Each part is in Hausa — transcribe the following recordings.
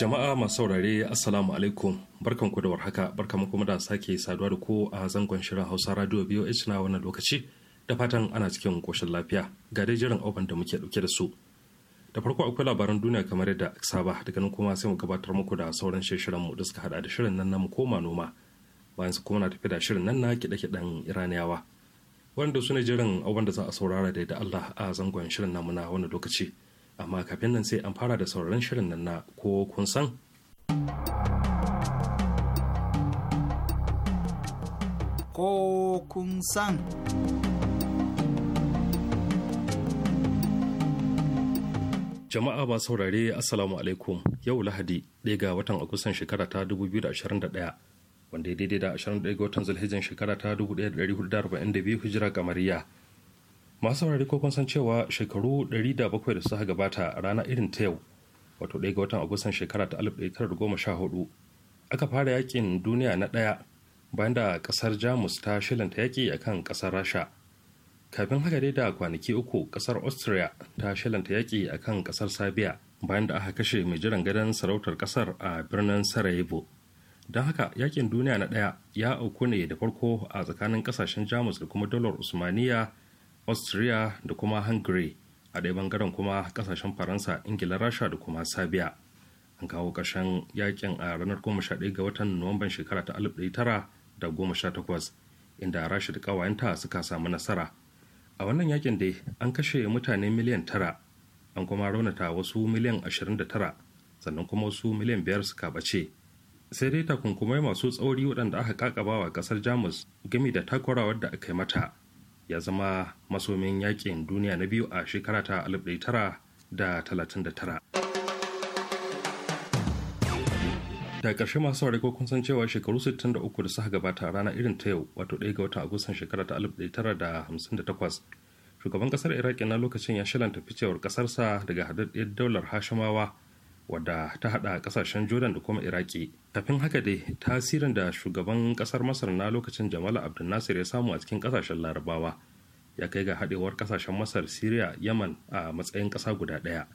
Jama'a masu saurare Assalamu alaikum barkanku da warhaka mu kuma da sake saduwa da ku a zangon shirin Hausa Radio BOH na wannan lokaci da fatan ana cikin koshin lafiya ga dai jiran oban da muke dauke da su. Da farko akwai labaran duniya kamar yadda saba daga nan kuma sai mu gabatar muku da sauran shirin mu da suka hada da shirin nan namu koma noma bayan su kuma na tafi da shirin nan na kiɗe-kiɗen Iraniyawa wanda su ne jiran oban da za a saurara da Allah a zangon shirin namu na wannan lokaci. amma kafin nan sai an fara da sauraron shirin nan na ko kun san. Ko kun san. Jama'a ba saurare Assalamu alaikum yau Lahadi ɗaya ga watan Agustan shekara ta 2021 wanda ya daidai da 21 ga watan Zulhijjan shekara ta 1442 Hijira Kamariya. masu wurare ko kun san cewa shekaru 107 da suka gabata rana irin ta yau wato ɗaya ga watan agustan shekara ta 1914 aka fara yakin duniya na ɗaya bayan da ƙasar jamus ta shilanta yaƙi a kan ƙasar rasha kafin haka dai da kwanaki uku ƙasar austria ta shilanta yaƙi a kan ƙasar sabiya bayan da aka kashe mai jiran gadon sarautar ƙasar a birnin sarajevo don haka yakin duniya na ɗaya ya auku ne da farko a tsakanin ƙasashen jamus da kuma dalar usmaniya austria da kuma hungary a ɗaya bangaren kuma ƙasashen faransa ingila rasha da kuma sabiya an kawo ƙarshen yakin a ranar 11 ga watan nuwamban shekara ta 1918 inda rasha da ƙawayenta suka samu nasara a wannan yakin dai an kashe mutane miliyan tara an kuma raunata wasu miliyan 29 sannan kuma wasu miliyan biyar suka bace sai dai takunkumai masu tsauri waɗanda aka kakabawa ƙasar jamus gami da takwarawar da aka yi mata ya zama masomin yakin duniya na biyu a shekara ta 1939 da ƙarshe masu saurari ko kun san cewa shekaru 63 da suka gabata rana irin ta yau wato ɗaya ga watan agustan shekara ta 1958 shugaban ƙasar iraki na lokacin ya shalanta ficewar ƙasarsa daga haɗaɗɗiyar daular hashimawa wadda ta hada kasashen jordan da kuma iraki kafin haka dai tasirin da shugaban kasar masar na lokacin jamal abdul nasir ya samu a cikin kasashen larabawa ya kai ga hadewar kasashen masar syria yaman a matsayin kasa guda daya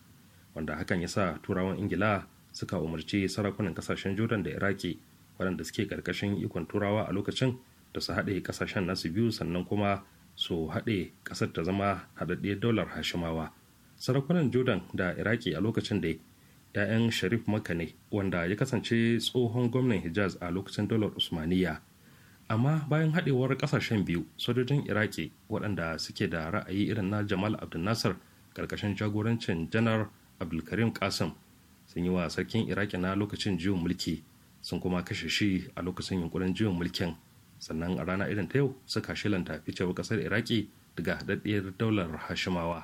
wanda hakan ya sa turawan ingila suka umarci sarakunan kasashen jordan da iraki waɗanda suke karkashin ikon turawa a lokacin da su haɗe kasashen nasu biyu sannan kuma su haɗe ƙasar ta zama haɗaɗɗiyar daular hashimawa sarakunan jordan da iraki a lokacin da 'ya'yan sharif makane wanda ya kasance tsohon gwamnan hijaz a lokacin dalar usmaniya amma bayan haɗewar ƙasashen biyu sojojin iraki waɗanda suke da ra'ayi irin na jamal abdul nasir ƙarƙashin jagorancin janar abdulkarim kasim sun yi wa sarkin iraki na lokacin jiwon mulki sun kuma kashe shi a lokacin yunkurin jiwon mulkin sannan a rana irin ta yau suka shilanta ficewar ƙasar iraki daga haɗaɗɗiyar daular hashimawa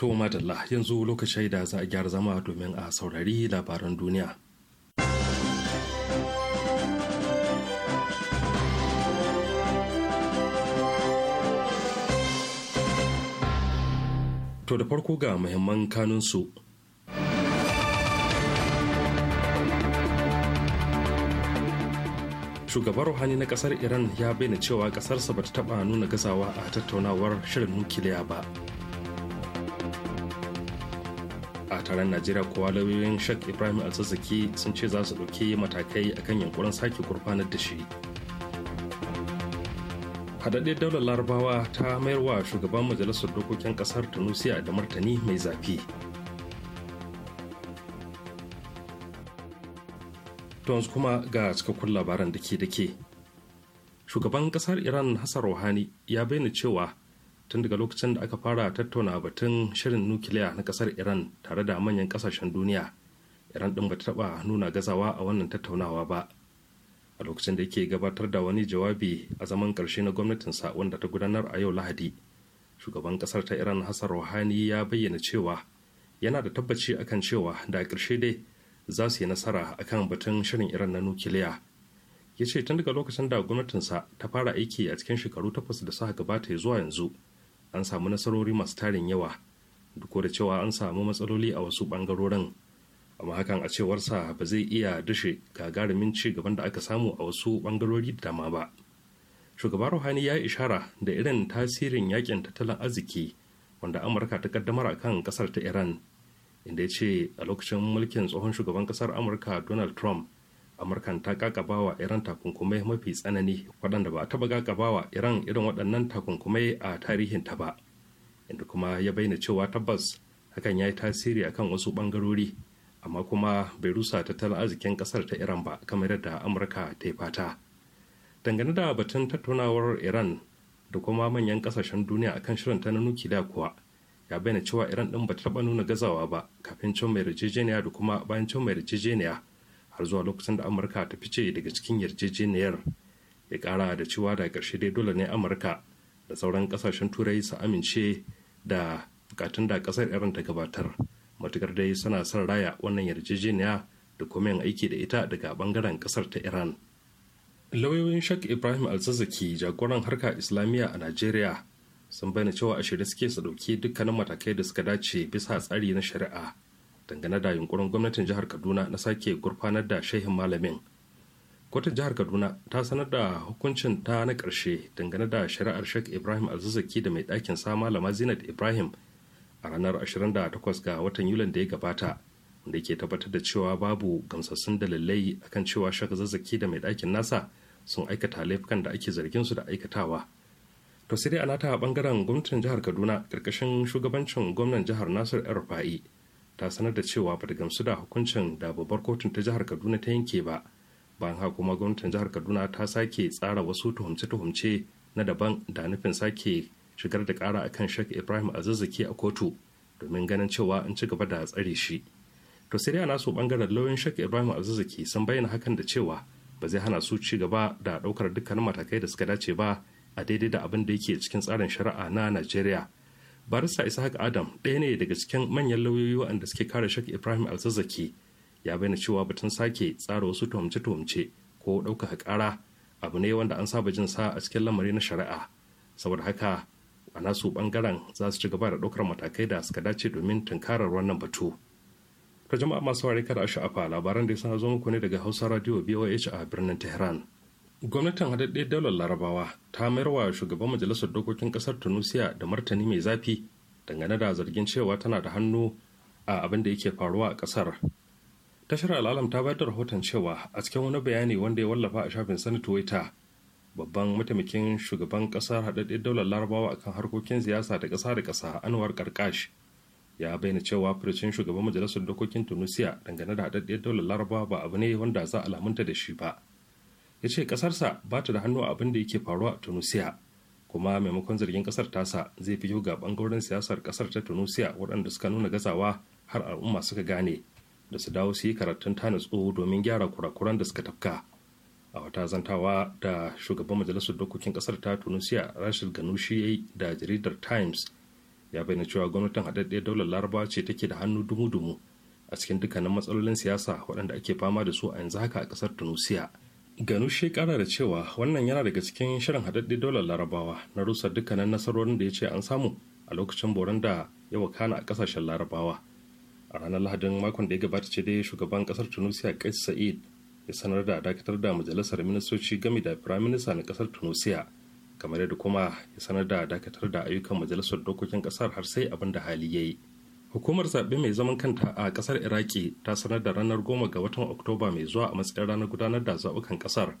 To madalla yanzu lokacin da za a gyara zama domin a saurari labaran duniya. To da farko ga muhimman kanunsu. Shugaban ruhani na ƙasar Iran ya bayyana cewa kasarsa bata taɓa nuna gazawa a tattaunawar shirin nukiliya ba. taron najeriya kowa lauyoyin shak ibrahim alzazzaki sun ce za su ɗauki matakai akan yankurin sake gurfanar da shi haɗaɗɗen daular larabawa ta mayar wa shugaban majalisar dokokin ƙasar tunisia da martani mai zafi tons kuma ga cikakkun labaran da ke da shugaban ƙasar iran hassan rouhani ya bayyana cewa tun daga lokacin da aka fara tattauna batun shirin nukiliya na kasar iran tare da manyan kasashen duniya iran din bata taba nuna gazawa a wannan tattaunawa ba a lokacin da yake gabatar da wani jawabi a zaman karshe na gwamnatinsa wanda ta gudanar a yau lahadi shugaban kasar ta iran hassan rouhani ya bayyana cewa yana da tabbaci akan cewa da karshe dai za su yi nasara akan batun shirin iran na nukiliya ya ce tun daga lokacin da gwamnatinsa ta fara aiki a cikin shekaru takwas da suka gabata zuwa yanzu an samu nasarori masu tarin yawa duk da cewa an samu matsaloli a wasu bangarorin amma hakan a cewarsa ba zai iya dashe gagarumin ci gaban da aka samu a wasu bangarori da dama ba shugaba ruhani ya ishara da irin tasirin yakin tattalin arziki wanda amurka ta kaddamar a kan kasar ta iran inda ya ce a lokacin mulkin tsohon shugaban kasar amurka donald trump amurkan ta kakabawa iran takunkumai mafi tsanani waɗanda ba a taɓa kakabawa iran irin waɗannan takunkumai a tarihin ta ba inda kuma ya bayyana cewa tabbas hakan ya yi tasiri akan wasu ɓangarori amma kuma bai rusa tattalin arzikin ƙasar ta iran ba kamar yadda amurka ta yi fata dangane da batun tattaunawar iran da kuma manyan ƙasashen duniya akan shirin ta na nukiliya kuwa ya bayyana cewa iran din ba ta taɓa nuna gazawa ba kafin cin mai yarjejeniya da kuma bayan cin mai yarjejeniya har zuwa lokacin da amurka ta fice daga cikin yarjejeniyar ya kara da cewa da ƙarshe dai dole ne amurka da sauran kasashen turai su amince da bukatun da ƙasar iran ta gabatar matukar dai suna son raya wannan yarjejeniya da kuma yin aiki da ita daga bangaren ƙasar ta iran lauyoyin shak ibrahim alzazaki jagoran harka islamiyya a najeriya sun bayyana cewa a shirye suke su dauki dukkanin matakai da suka dace bisa tsari na shari'a dangane da yunkurin gwamnatin jihar kaduna na sake gurfanar da shehin malamin kotun jihar kaduna ta sanar da hukuncin ta na ƙarshe dangane da shari'ar sheikh ibrahim alzazzaki da mai ɗakin sa malama zinat ibrahim a ranar 28 ga watan yulin da ya gabata wanda ke tabbatar da cewa babu gamsassun dalilai akan cewa shak zazzaki da mai ɗakin nasa sun aikata laifukan da ake zargin su da aikatawa to sai dai a nata bangaren gwamnatin jihar kaduna ƙarƙashin shugabancin gwamnan jihar nasir rufa'i ta sanar da cewa ba ta gamsu da hukuncin da babbar kotun ta jihar kaduna ta yanke ba bayan haka kuma gwamnatin jihar kaduna ta sake tsara wasu tuhumce-tuhumce na daban da nufin sake shigar da kara akan shek ibrahim azazzaki a kotu domin ganin cewa an ci gaba da tsare shi to sai dai nasu bangaren lauyan shek ibrahim azazzaki sun bayyana hakan da cewa ba zai hana su ci gaba da daukar dukkanin matakai da suka dace ba a daidai da abin da yake cikin tsarin shari'a na najeriya barista isaac adam ɗaya ne daga cikin manyan lauyoyi waɗanda suke kare shak ibrahim alzazzaki ya bayyana cewa batun sake tsara wasu tuhumce-tuhumce ko ɗaukaka ƙara abu ne wanda an saba jin sa a cikin lamari na shari'a saboda haka a nasu ɓangaren za su ci gaba da ɗaukar matakai da suka dace domin tunkarar wannan batu ta jama'a masu ware kada a sha'afa labaran da ya sana zo muku ne daga hausa radio boh a birnin tehran gwamnatin haɗaɗɗiyar daular larabawa ta mayar wa shugaban majalisar dokokin ƙasar tunisia da martani mai zafi dangane da zargin cewa tana da hannu a abin da yake faruwa a ƙasar tashar al'alam ta bayar da rahoton cewa a cikin wani bayani wanda ya wallafa a shafin sani twitter babban mataimakin shugaban ƙasar haɗaɗɗiyar daular larabawa akan harkokin siyasa da ƙasa da ƙasa anwar karkash ya bayyana cewa furucin shugaban majalisar dokokin tunisia dangane da haɗaɗɗiyar daular larabawa ba abu ne wanda za a lamunta da shi ba ya ce ƙasarsa ba ta da hannu abin da yake faruwa a tunisia kuma maimakon zargin ƙasar tasa zai fi ga ɓangaren siyasar ƙasar ta tunisia waɗanda suka nuna gazawa har al'umma suka gane da su dawo su yi karatun ta natsu domin gyara kurakuran da suka tafka a wata zantawa da shugaban majalisar dokokin ƙasar ta tunisia rashid ganushi da jaridar times ya bayyana cewa gwamnatin haɗaɗɗiyar daular laraba ce take da hannu dumu-dumu a cikin dukkanin matsalolin siyasa waɗanda ake fama da su a yanzu haka a ƙasar tunisia ganu kara da cewa wannan yana daga cikin shirin haɗaɗɗe dolar larabawa na rusa dukkanin nasarorin da ya ce an samu a lokacin boron da ya wakana a ƙasashen larabawa a ranar lahadin makon da ya gabata ce dai shugaban ƙasar tunisia kais sa'id ya sanar da dakatar da majalisar ministoci Gami da firayim minista na ƙasar tunisia kamar yadda kuma ya sanar da dakatar da ayyukan majalisar dokokin ƙasar har sai abin da hali ya yi hukumar zaɓe mai zaman kanta a ƙasar iraki ta sanar da ranar goma ga watan oktoba mai zuwa a matsayin ranar gudanar da zaɓukan ƙasar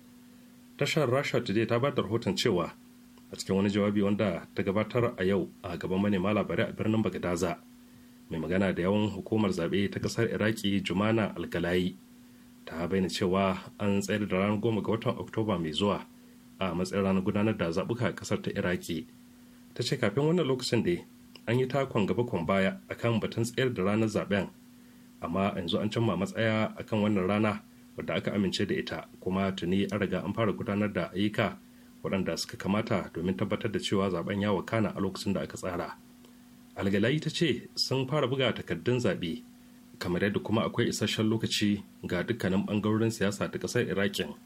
tashar rasha today ta ba da rahoton cewa a cikin wani jawabi wanda ta gabatar a yau a gaban manema labarai a birnin bagadaza mai magana da yawan hukumar zaɓe ta ƙasar iraki jumana alkalayi ta bayyana cewa an tsayar da ranar goma ga watan oktoba mai zuwa a matsayin ranar gudanar da zaɓuka a ƙasar ta iraki ta ce kafin wannan lokacin dai. an yi takon gaba kwan baya akan batun tsayar da ranar zaben amma yanzu an cimma matsaya akan wannan rana wadda aka amince da ita kuma tuni an riga an fara gudanar da ayyuka waɗanda suka kamata domin tabbatar da cewa zaben ya wakana a lokacin da aka tsara Algalayi ta ce sun fara buga takardun zaɓe kamar yadda kuma akwai isasshen lokaci ga dukkanin ɓangarorin siyasa ta ƙasar iraƙin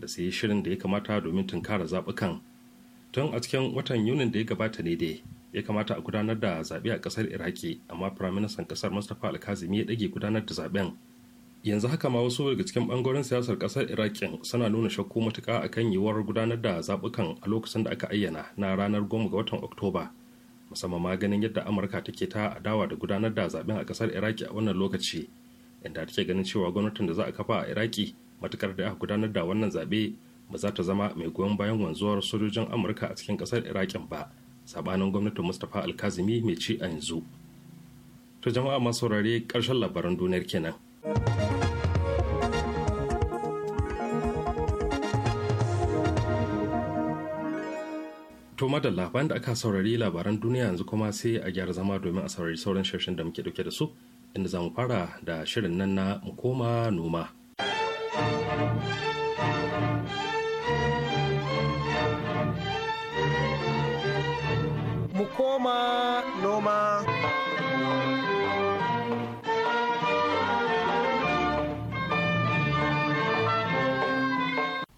da su yi shirin da ya kamata domin tunkara zaɓukan tun a cikin watan yunin da ya gabata ne dai ya kamata a gudanar da zaɓe a ƙasar iraki amma firaministan ƙasar mustapha alkazimi ya ɗage gudanar da zaɓen yanzu haka ma wasu daga cikin ɓangaren siyasar ƙasar iraki suna nuna shakku matuƙa kan yiwuwar gudanar da zaɓukan a lokacin da aka ayyana na ranar goma ga watan oktoba musamman ma ganin yadda amurka take ta adawa da gudanar da zaɓen a ƙasar iraki a wannan lokaci inda take ganin cewa gwamnatin da za a kafa a iraki matuƙar da aka gudanar da wannan zaɓe ba za ta zama mai goyon bayan wanzuwar sojojin amurka a cikin ƙasar irakin ba sabanin gwamnatin mustapha alkazimi mai ci a yanzu to jama'a masu saurare ƙarshen labaran duniyar kenan to madalla bayan da aka saurari labaran duniya yanzu kuma sai a gyara zama domin a saurari sauran shirshin da muke dauke da su inda za mu fara da shirin nan na mu koma noma. noma noma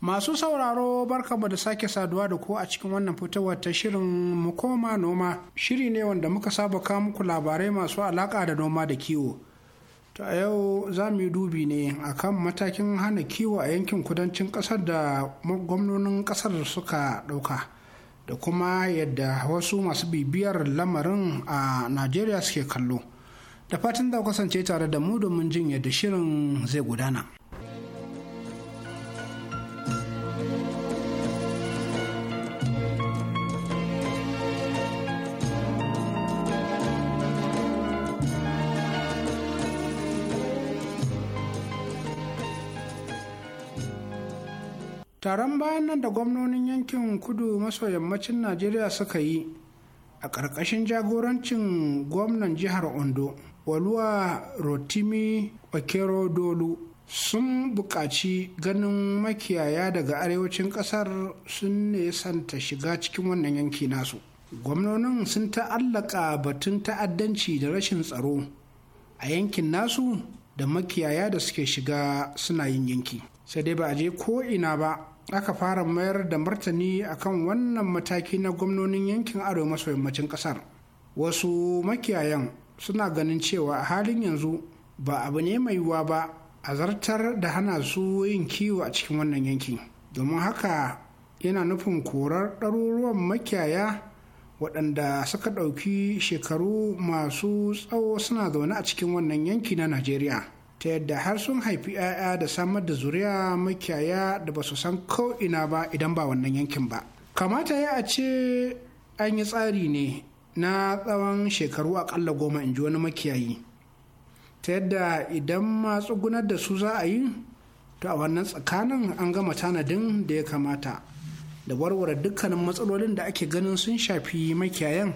Masu sauraro barkamu da sake saduwa da ku a cikin wannan fitowar ta shirin mukoma noma shiri ne wanda muka saba kawo muku labarai masu alaka da noma da kiwo. To a yau za mu yi dubi ne akan matakin hana kiwo a yankin kudancin kasar da gwamnonin kasar suka ɗauka. da kuma yadda wasu masu bibiyar lamarin a najeriya suke kallo da fatan da kasance tare da mu domin jin yadda shirin zai gudana taron bayan nan da gwamnonin yankin kudu maso yammacin najeriya suka yi a ƙarƙashin jagorancin gwamnan jihar ondo waluwa rotimi okero dolu sun buƙaci ganin makiyaya daga arewacin ƙasar sun nesanta shiga cikin wannan yanki nasu gwamnonin sun ta'allaka batun ta'addanci da rashin tsaro a yankin nasu da makiyaya da suke shiga suna yin yanki sai dai ba a je ko ina ba aka fara mayar da martani a kan wannan mataki na gwamnonin yankin arewa maso yammacin kasar wasu makiyayan suna ganin cewa a halin yanzu ba abu ne mai yiwuwa ba a zartar da hana su yin kiwo a cikin wannan yanki domin haka yana nufin korar ɗaruruwan makiyaya waɗanda suka ɗauki shekaru masu tsawo suna zaune a cikin wannan yanki na najeriya ta yadda har sun haifi 'ya'ya da samar da zuriya makiyaya da ba su san ko'ina ba idan ba wannan yankin ba kamata ya a ce an yi tsari ne na tsawon shekaru akalla goma in ji wani makiyayi ta yadda idan ma tsugunar da su za a yi to a wannan tsakanin an gama tanadin da ya kamata da warware dukkanin matsalolin da ake ganin sun shafi makiyayan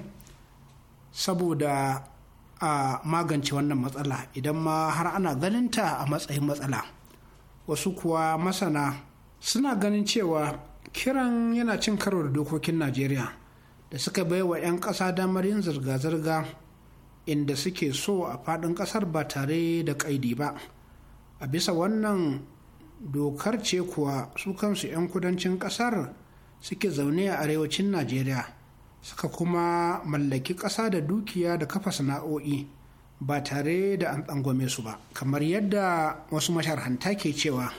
saboda a magance wannan matsala idan ma har ana ganinta a matsayin matsala wasu kuwa masana suna ganin cewa kiran yana cin karo da dokokin najeriya da suka bai wa 'yan ƙasa damar yin zirga-zirga inda suke so a faɗin ƙasar ba tare da ƙaidi ba a bisa wannan dokar ce kuwa su kansu 'yan kudancin ƙasar suke zaune a arewacin najeriya suka kuma mallaki ƙasa da dukiya da kafa sana'o'i ba tare da an tsangwame su ba kamar yadda wasu masharhanta ke cewa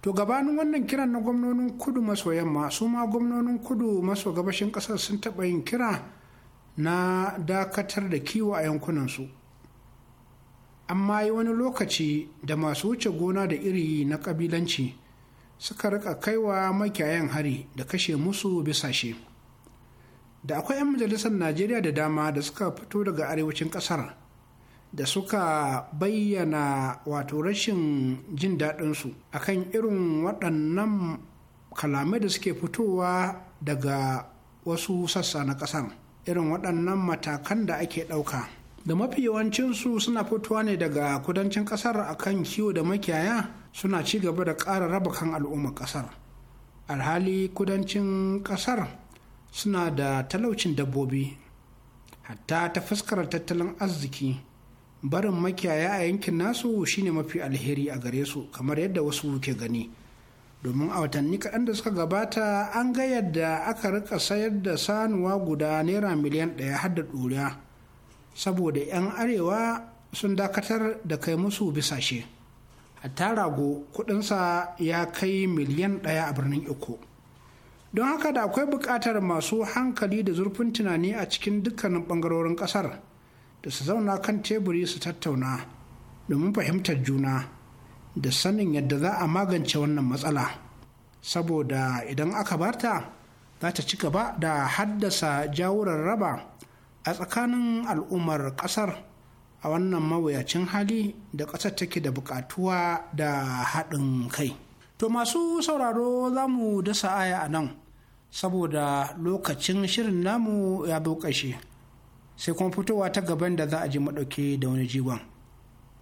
to gabanin wannan kiran na gwamnonin kudu maso yamma su ma gwamnonin kudu maso gabashin ƙasar sun taɓa yin kira na dakatar da kiwo a yankunansu amma yi wani lokaci da masu wuce gona da iri na ƙabilanci suka rika kaiwa makiyayan hari da kashe musu bisa shi. da akwai 'yan majalisar najeriya da dama da suka fito daga arewacin kasar da suka bayyana wato rashin jin daɗinsu A kan irin waɗannan kalamai da suke fitowa daga wasu sassa na ƙasar irin waɗannan matakan da ake ɗauka da mafi yawancinsu suna fitowa ne daga kudancin ƙasar kan kiwo da makiyaya suna ci gaba da ƙara raba kan al'ummar ƙasar alhali kudancin ƙasar suna da talaucin dabbobi hatta ta fuskar tattalin arziki barin makiyaya a yankin nasu shine mafi alheri a gare su kamar yadda wasu ke gani domin a watanni kaɗan da suka gabata an ga yadda aka rika sayar da sanuwa guda naira miliyan ɗaya har da ɗuriya saboda 'yan arewa sun dakatar da kai musu bisashe hatta rago kuɗinsa ya kai miliyan ɗaya a birnin iko don haka da akwai buƙatar masu hankali da zurfin tunani a cikin dukkanin ɓangarorin ƙasar da su zauna kan teburi su tattauna domin fahimtar juna da sanin yadda za a magance wannan matsala saboda idan aka barta za ta ci gaba da haddasa jawurar raba a tsakanin al'ummar ƙasar a wannan mawuyacin hali da ƙasar take da buƙatuwa da haɗin kai to masu sauraro za mu dasa aya a nan saboda lokacin shirin namu ya zo ƙashe sai kuma fitowa ta gaban da za a ji maɗauke da wani jigon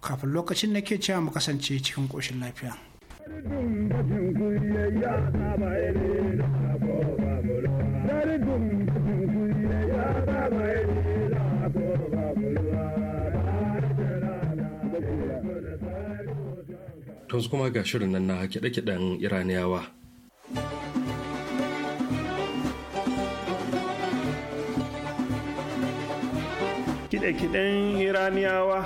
kafin lokacin na ke cewa mu kasance cikin ƙoshin lafiya. Tunzu kuma ga shirin nan na kiɗe-kiɗen Iraniyawa. kide-kiden iraniyawa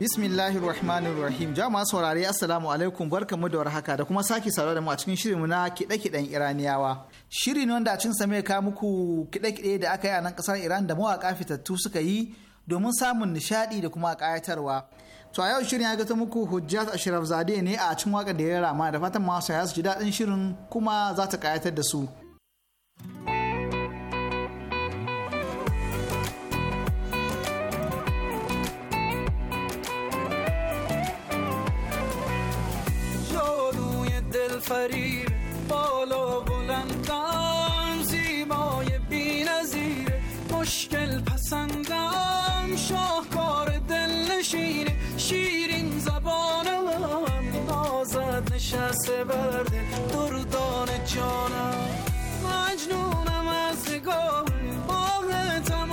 bismillahir rahmanir rahim jama saurare assalamu alaikum barkamu da warhaka da kuma sake saurare da mu a cikin shirinmu na kiɗe-kiɗen iraniyawa Shirin wanda a cikin same ka muku kiɗe-kiɗe da aka yi a nan ƙasar iran da mawaƙa fitattu suka yi domin samun nishaɗi da kuma kayatarwa. to a yau shirin ya gata muku hujjat ashraf zade ne a cikin waka da ya rama da fatan masu ya su ji daɗin shirin kuma za ta kayatar da su پسندم شاهکار دل شیرین زبانم نازد نشسته برده دردان جانم مجنونم از نگاه باغتم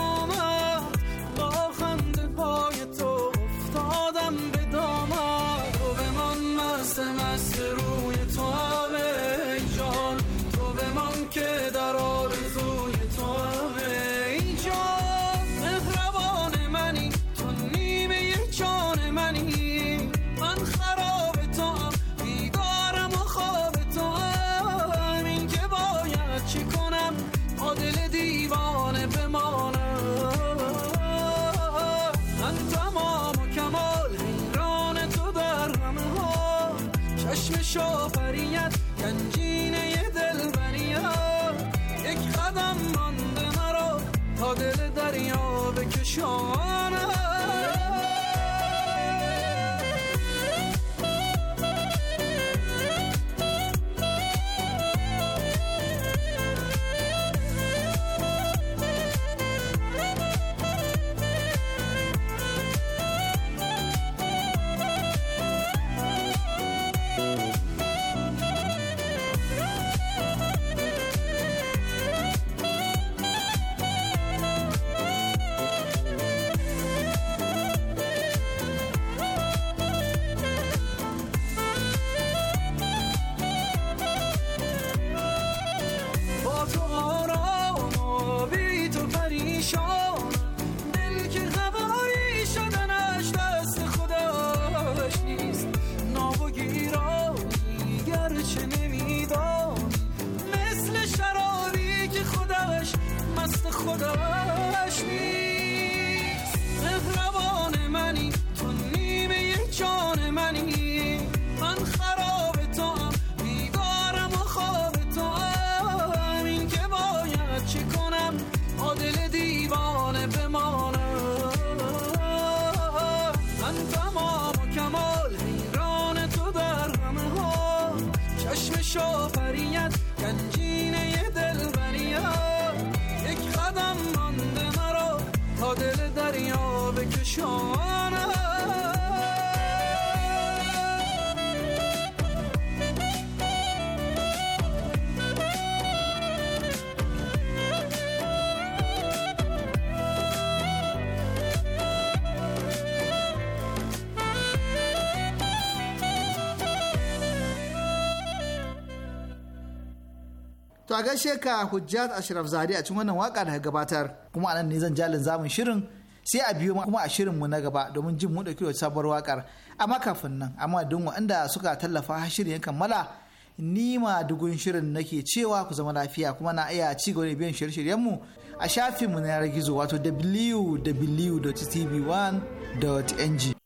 Sean To a gaishe ka Hujjat Ashraf Zari a cikin wannan waka da gabatar kuma anan ne zan jalin zamun shirin sai a biyo kuma a shirin mu na gaba domin jin mu dauki sabuwar wakar amma kafin nan amma duk wanda suka tallafa shirin kammala ni ma dugun shirin nake cewa ku zama lafiya kuma na iya ci gaba da biyan shirye-shiryen mu a shafinmu na yanar gizo wato www.tv1.ng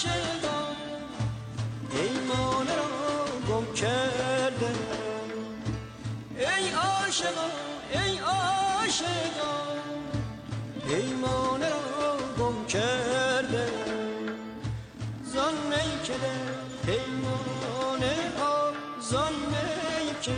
عاشق پیمانه را گم کرده ای عاشقان ای عاشقان پیمانه را گم کرده زان می که پیمانه ها زان می که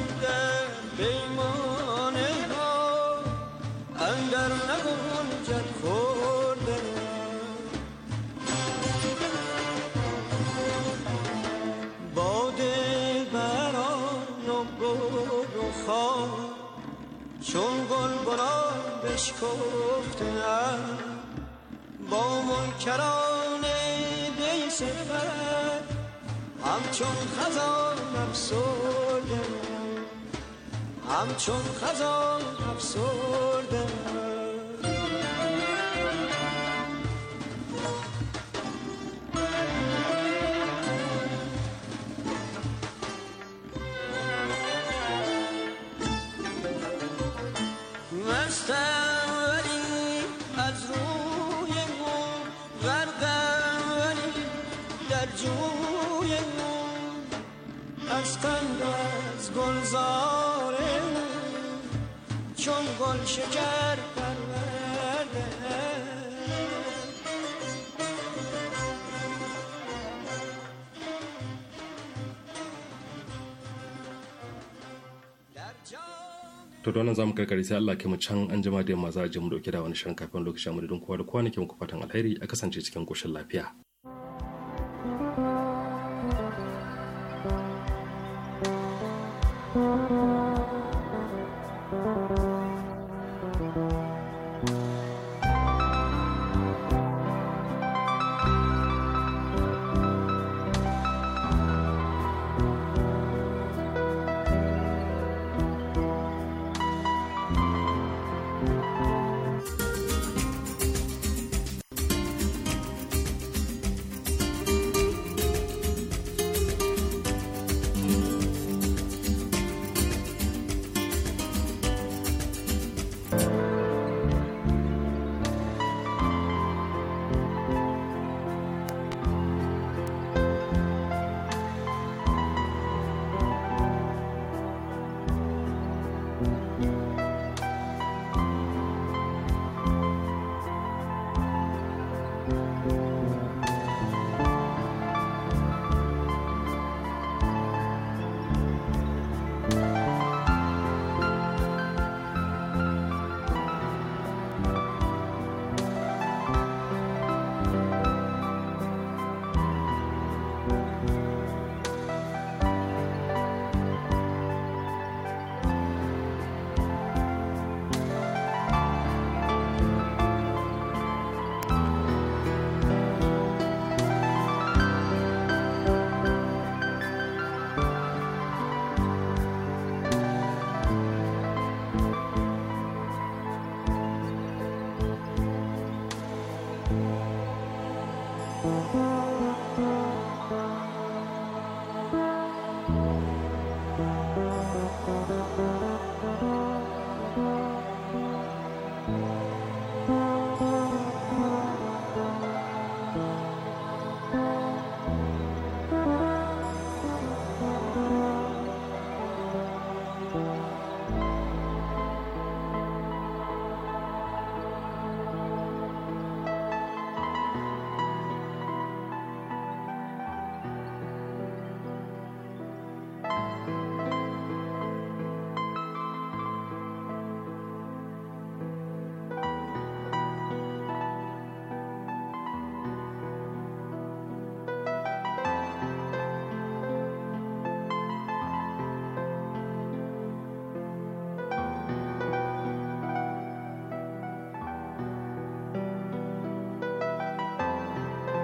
کنان بشکفتم با منکران دی صفت همچون خزان افسردم همچون خزان افسردم بیزاره wannan zamu karkare sai Allah ke mu can an jima da yamma za a je mu dauke da wani shirin kafin lokacin mu da kowa da kwanakin ku fatan alheri a kasance cikin koshin lafiya